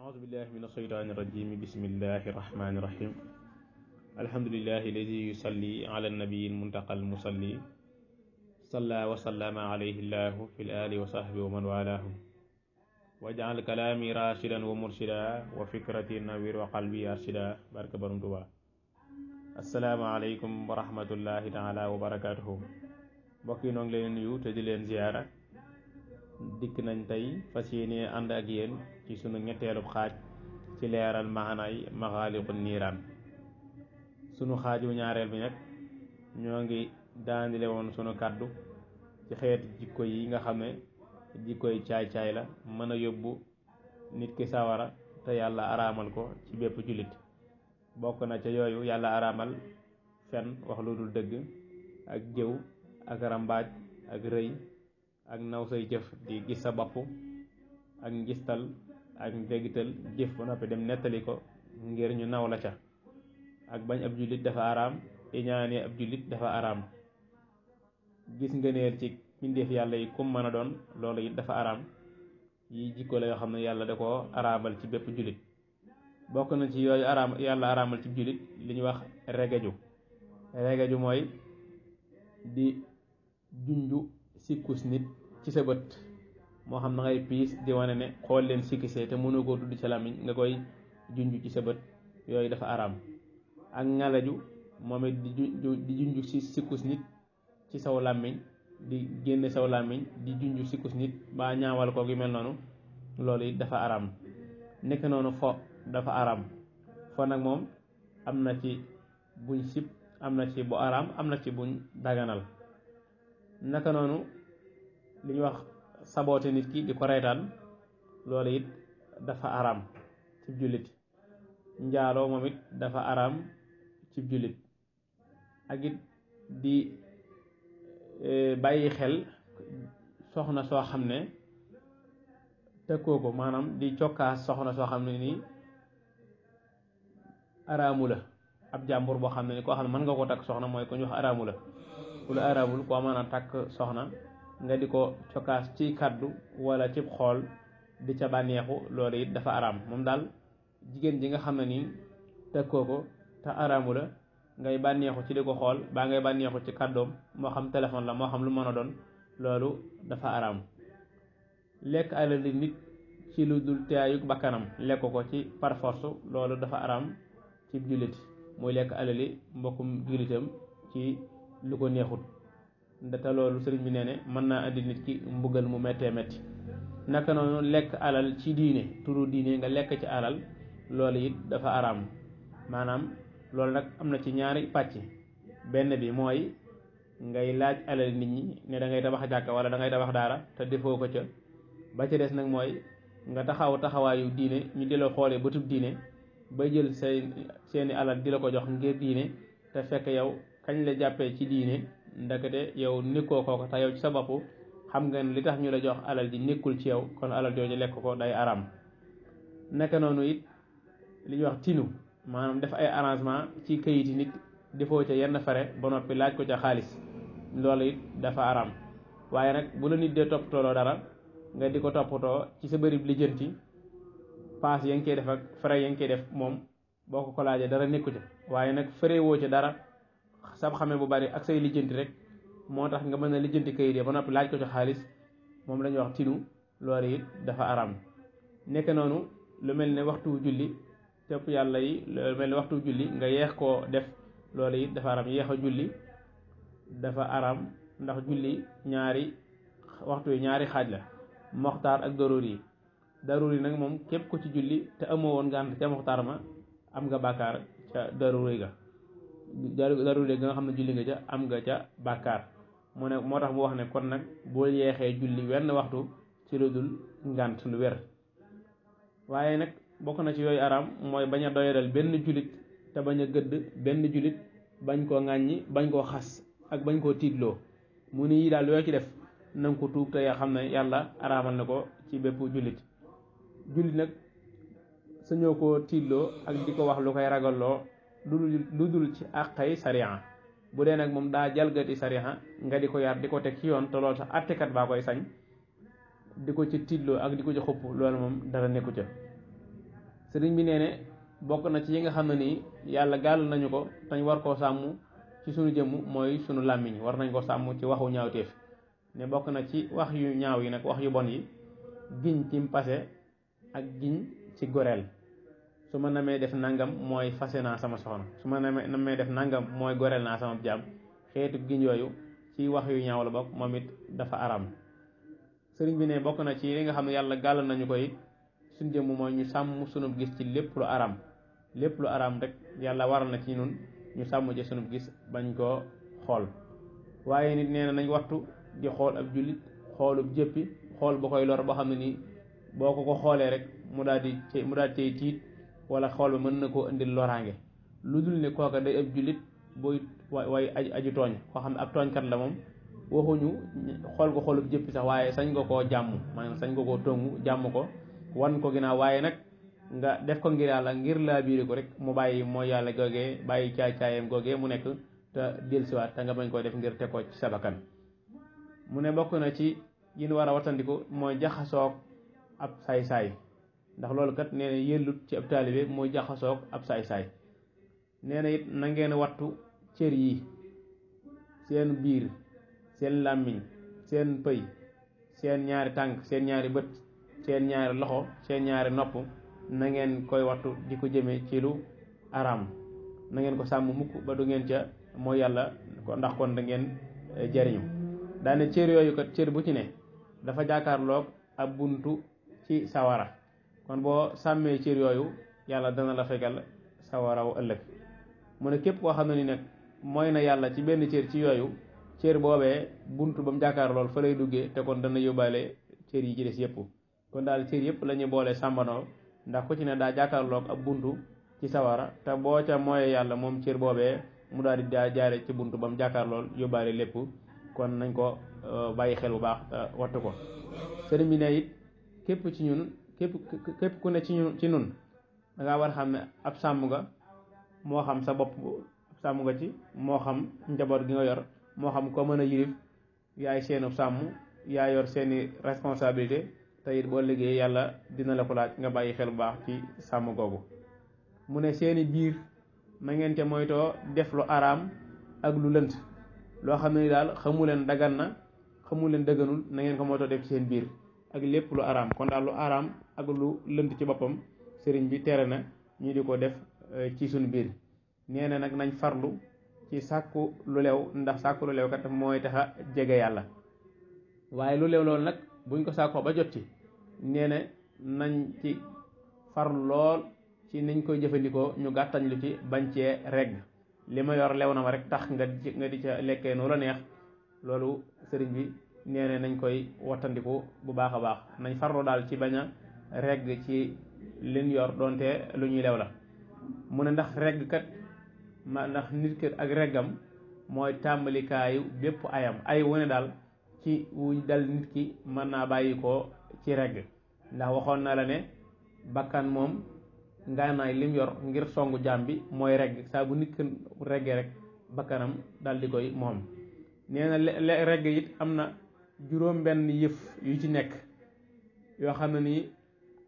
أعوذ بالله من الشيطان الرجيم بسم الله الرحمن الرحيم الحمد لله الذي يصلي على النبي المنتقى المصلي صلى وسلم عليه الله في الآل وصحبه ومن والاه واجعل كلامي راشدا ومرشدا وفكرتي نوير وقلبي أرشدا بارك برم دوا السلام عليكم ورحمة الله تعالى وبركاته بقي نونغ لين يو تدي زيارة ديك نانتاي فاسيني أندا أجيين ci sunu ñetteelub xaaj ci leeral maanaay maxaaliqu niiraan sunu wu ñaareel bi nag ñoo ngi daandile woon sunu kàddu ci xeeti jikko yi nga xam ne jikkoy caay-caay la mën a yóbbu nit ki sawara te yàlla araamal ko ci bépp jullit bokk na ca yooyu yàlla araamal fen wax lu dul dëgg ak jëw ak rambaaj ak rëy ak naw say jëf di gis sa bopp ak ngistal ak ndéggital jëf ba noppi dem nettali ko ngir ñu naw la ca ak bañ ab jullit dafa araam iñaane ab jullit dafa araam gis ngëneel ci mbindeef yàlla yi kum mën a doon loolu it dafa araam yi jikko la yoo xam ne yàlla da koo araamal ci bépp jullit bokk na ci yooyu araam yàlla araamal ci jullit li ñuy wax regeju regeju mooy di junju sikkus nit ci sa bët moo xam na ngay piis di wane ne xool leen sikkisee te mënu koo tudd ci làmmiñ nga koy junj ci sa bët yooyu dafa araam ak ngalaju moom it di junj si sikkus nit ci saw làmmiñ di génne saw làmmiñ di junj sikkus nit ba ñaawal ko gi mel noonu loolu it dafa araam nekk noonu fo dafa araam fo nag moom am na ci buñ sib am na ci bu araam am na ci buñ daganal naka noonu li ñu wax saboote nit ki di ko reetaan it dafa aram ci julit njaaloo momit dafa aram ci julit ak it di e, bayyi xel soxna so xamné ne koko manam di cokas soxna so xamné ni nii la ab jambour bo xamné ko ni man nga ko tak soxna moy ko ñu wax araamu la ku ko araamul koo soxna nga di ko cokkaas ci kàddu walla cib xool di ca bànneexu loolu it dafa araam moom daal jigéen ji nga xam na nii tëkkoo ko te araamu la ngay bànneexu ci di ko xool baa ngay bànneexu ci kàddoom moo xam téléphone la moo xam lu mën a doon loolu dafa araam lekk alali nit ci lu dul teeyuk bakkanam lekk ko ci par loolu dafa araam ci jullit muy lekk alali mbokkum jullitam ci lu ko neexut ndata loolu sëriñ bi nee ne mën naa andi nit ki mbugal mu méttee métti naka noonu lekk alal ci diine turu diine nga lekk ci alal loolu it dafa araam maanaam loolu nag am na ci ñaari pàcc benn bi mooy ngay laaj alal nit ñi ne da ngay tabax jàkka wala da ngay tabax daara te defoo ko ca ba ca des nag mooy nga taxaw taxawaayu diine ñu di la xoolee bëtub diine ba jël say seeni alal di la ko jox ngir diine te fekk yow kañ la jàppee ci diine ndakate yow nekkoo kooku te yow ci sa bopp xam nga ne li tax ñu la jox alal nekkul ci yow kon alal jooju lekk ko day aram naka noonu it li wax tinu maanaam def ay arrangement ci kayiti nit defoo ca yenn fare ba noppi laaj ko ca xaalis loolu it dafa aram waaye nag bu la nit dee toppatoo dara nga di ko ci sa bërib lijjanti paas ya nga koy def ak frais yang nga koy def moom boo ko ko laajee dara nekku dara sab xamee bu bari ak say lijjanti rek moo tax nga mën a lijjanti kayit ya ba noppi laaj ko ci xaalis moom lañuy wax tinu loolu it dafa araam nekk noonu lu mel ne waxtu julli tepp yàlla yi lu mel ne waxtu julli nga yeex koo def loolu it dafa araam yeex a julli dafa araam ndax julli ñaari waxtu yi ñaari xaaj la moxtaar ak daruur yi daruur yi nag moom képp ko ci julli te amoo woon ngànt ca moxtaar ma am nga bàkkaar ca daruur yi ga darule ga nga xam ne julli nga ca am nga ca bàkkaar mu ne moo tax mu wax ne kon nag boo yeexee julli wenn waxtu ci lu dul ngànt lu wér waaye nag bokk na ci yooyu araam mooy bañ a doyadal benn jullit te bañ a gëdd benn jullit bañ koo ŋàññi bañ koo xas ak bañ koo tiitloo mu ni yi daal yoo ci def nanga ko tuub te yaa xam ne yàlla araamal na ko ci bépp jullit jullit nag sañoo koo tiitloo ak di ko wax lu koy ragaloo lu dul ci àqay sariya bu dee nag moom daa jalgati sariya nga di ko yar di ko teg ci yoon te loolu sax baa koy sañ di ko ci tiitloo ak di ko ci xupp loolu moom dara nekku ca sëriñ bi nee ne bokk na ci yi nga xam ne nii yàlla gàll nañu ko tañ war koo sàmm ci sunu jëmm mooy sunu làmmiñ war nañ ko sàmm ci waxu ñaawteef ne bokk na ci wax yu ñaaw yi nag wax yu bon yi giñ ci mpase ak giñ ci goreel su ma namee def nangam mooy fase naa sama soxna su ma namee namee def nangam mooy goreel naa sama jaam xeetu giñ yooyu ci wax yu ñaaw la bokk moom it dafa aram sëriñ bi ne bokk na ci li xam ne yàlla gàll nañu ko suñ jëmm mooy ñu sàmm sunub gis ci lépp lu aram lépp lu araam rek yàlla waral na ci ñun ñu sàmm ci sunub gis bañ koo xool waaye nit nee nañ wattu di xool ab jullit xoolub jëppi xool ba koy lor boo xam ne nii boo ko ko xoolee rek mu daal di mu daal di tiit wala xol ba mën na koo indil loraange lu ne koka day ab julit boy way aji togn ko xamne ab togn kat la moom waxuñu xol ko xoolub jëppi sax waye sañ nga ko jamm maanaam sañ nga ko tongu jamm ko wan ko gina waye nak nga def ko ngir yalla ngir la biiri ko rek mu bàyyi mo yalla goge bàyyi caay-caayam goge mu del ci wat ta nga bañ ko def ngir te ko ci sabakan mu ne bokku na ci yin wara a moy jaxaso ab say saay ndax loolu kat nee na yellut ci ab taalibe mooy jaxasoog ab saay-saay nee na it na ngeen wattu cër yi seen biir seen làmmiñ seen pëy seen ñaari tànk seen ñaari bët seen ñaari loxo seen ñaari nopp na ngeen koy wattu di ko jëmee ci lu aram na ngeen ko sàmm mukk ba du ngeen ca mooy yàlla ndax kon da ngeen eh, jariñu daane cër yooyu kat cër bu ci ne dafa jaakaarloog ab buntu ci sawara kon boo sàmmee cër yooyu yàlla dana la fegal sawaraw ëllëg mu ne képp koo xam ne ni nag mooy na yàlla ci benn cër ci yooyu cër boobee bunt ba mu jàkkaar lool fa lay duggee te kon dana yóbbaale cër yi ci des yëpp kon daal cër yëpp lañuy ñuy boolee sàmbanoo ndax ku ci ne daa jàkkaarloog ab bunt ci sawara te boo ca mooyee yàlla moom cër boobee mu daal di daa jaare ci bunt ba mu jàkkaar lool yóbbaale lépp kon nañ ko euh, bàyyi xel bu baax te wattu ko sëriñ bi képp ku ne ci ñun ci nun dangaa war xam ne ab sàmm nga moo xam sa bopp sàmm nga ci moo xam njaboot gi nga yor moo xam ko mën a yilif yaay seenu sàmm yaa yor seeni responsabilité te it boo liggéey yàlla dina la ko laaj nga bàyyi xel bu baax ci sàmm googu mu ne seeni biir na ngeen ca moytoo def lu araam ak lu lënt loo xam ne ni daal xamu leen dagan na xamu leen dëgganul na ngeen ko moytoo def ci seen biir ak lépp lu araam kon daal lu araam ak lu lënt ci boppam sëriñ bi tere na ñu di def euh, ci biir nee na nañ farlu ci sàkku lu lew ndax sàkku lu lew kat mooy tax a jege yàlla waaye lu lew loolu nag buñ ko sàkkoo ba jot ci nee na nañ ci farlu lool ci niñ koy jëfandikoo ñu gàttañ lu ci bañ cee regg li ma yor lew na ma rek tax nga di ca lekkee la neex loolu sëriñ bi nee na nañ koy wattandiku bu baax a baax nañ farlu daal ci baña a regg ci liñ yor donte lu ñuy lew la mu ne ndax regg kat ma ndax nit kat ak reggam mooy tàmbalikaayu bépp ayam ay wu ne daal ci wu dal nit ki mën naa bàyyikoo ci regg ndax waxoon na la ne bakkan moom ngaanaay lim yor ngir songu jaam bi mooy regg saa bu nit ki reggee rek bakkanam dal di koy moom nee na regg it am na juróom benn yëf yu ci nekk yoo xam ne ni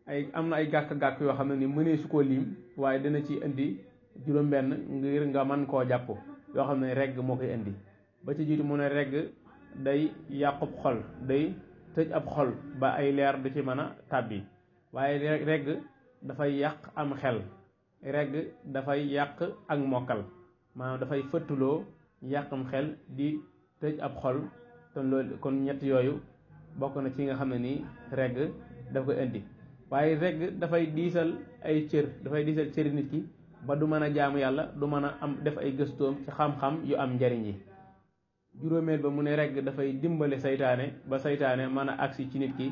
ay am na ay gàkk-gàkk yoo xam ne ni mënee su koo lim waaye dana ci indi juróom benn ngir nga man koo jàpp yoo xam ne regg moo koy indi ba ci jiitu mu ne regg day yàqub xol day tëj ab xol ba ay leer du ci mën a tàbbi waaye regg dafay yàq am xel regg dafay yàq ak mokkal maanaam dafay fëttuloo yàqam xel di tëj ab xol ton loolu kon ñett yooyu bokk na ci nga xam ne nii regg daf ko indi waaye regg dafay diisal ay cër dafay diisal cëri nit ki ba du mën a jaamu yàlla du mën a am def ay gëstoom ci xam-xam yu am njariñ yi juróomeel ba mu ne regg dafay dimbale saytaane ba saytaane mën a agsi ci nit ki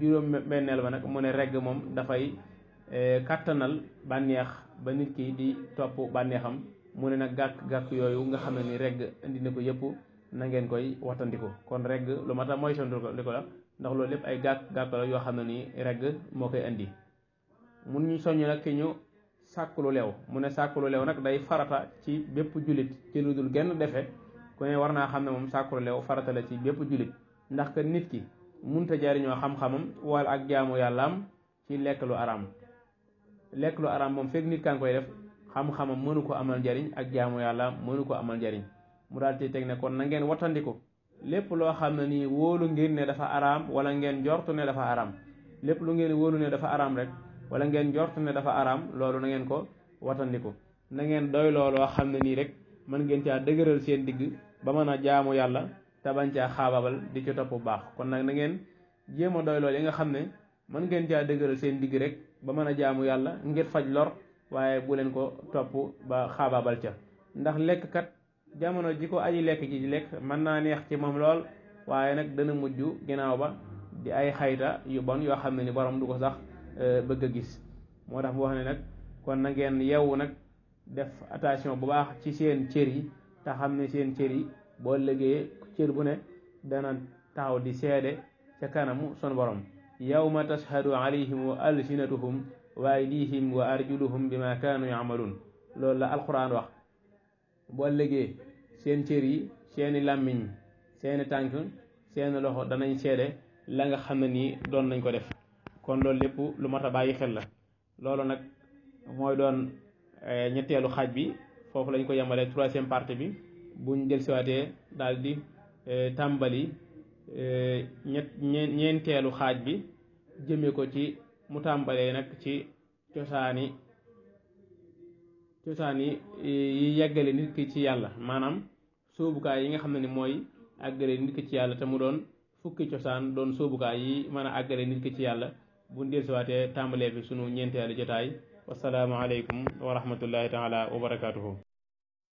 juróom benneel ba nag mu ne regg moom dafay eh, kàttanal bànneex ba nit ki di topp bànneexam mu ne nag gàkk gàkk yooyu nga xam ne ni regg indi na ko yépp na ngeen koy wattandiku kon regg lu ma tax mooy moytandiku la ndax loolu lépp ay gàkk gàkk yoo xam ne nii regg moo koy indi mun ñu soññ nag ki ñu sàkk lu leew mu ne sàkk lu leew nag day farata ci bépp jullit ci lu dul genn defe ku ne war naa xam ne moom sàkk lu leew farata ci bépp jullit ndax que nit ki munta jariñoo xam-xamam wala ak jaamu yàllaam ci lekk lu araam lekk lu araam moom fekk nit kaa koy def xam-xamam mënu ko amal njariñ ak jaamu yàlla mënu ko amal njariñ mu daal ci teg ne kon na ngeen wattandiku lépp loo xam ne nii wóolu ngir ne dafa araam wala ngeen jortu ne dafa araam lépp lu ngeen wóolu ne dafa araam rek wala ngeen ne dafa araam loolu na ngeen ko watandiko na ngeen doy looloo xam ne nii rek mën ngeen caa dëgëral seen digg ba mën a jaamu yàlla te bañ caa xaabaabal di ci topp bu baax kon nag na ngeen jéem a doy lool yi nga xam ne mën ngeen caa dëgëral seen digg rek ba mën a jaamu yàlla ngir faj lor waaye bu leen ko topp ba xaabaabal ca ndax lekk kat jamono ji ko aji lekk ji lekk mën naa neex ci moom lool waaye nag dana mujj ginnaaw ba di ay xayta yu bon yoo xam ne ni boroom du ko sax euh, bëgg a gis moo tax mu wax ne nag kon na ngeen yeewu nag def attention bu baax ci seen cër yi te xam ne seen cër yi boo lëgee cër bu ne dana taxaw di seede ca kanamu sun borom yawma tashhadu alayhim wa alsinatuhum wa aydihim wa arjuluhum bima kaanu yamaluun loolu la alquran wax bu ëllëgee seen cër yi seeni làmmiñ seeni tànk seeni loxo danañ seede la nga xam na nii doon nañ ko def kon loolu lépp lu mat a bàyyi xel la loolu nag mooy doon eh, ñetteelu xaaj bi foofu lañ ko yambalee troisième partie bi buñ delsiwaatee daal di eh, tàmbali eh, ñett ñeenteelu xaaj bi jëmee ko ci mu tàmbalee nag ci cosaani cosaani eh, yi yeggale nit ki ci yàlla maanaam soobukaay yi nga xam ne ni mooy àggale nit ki ci yàlla te mu doon fukki cosaan doon soobukaay yi mën a àggale nit ki ci yàlla bu ndil siwaatee tàmbalee fi sunu ñeenteelu jotaay wasalaamu aleykum wa rahmatullahi taala wa barakaatuhu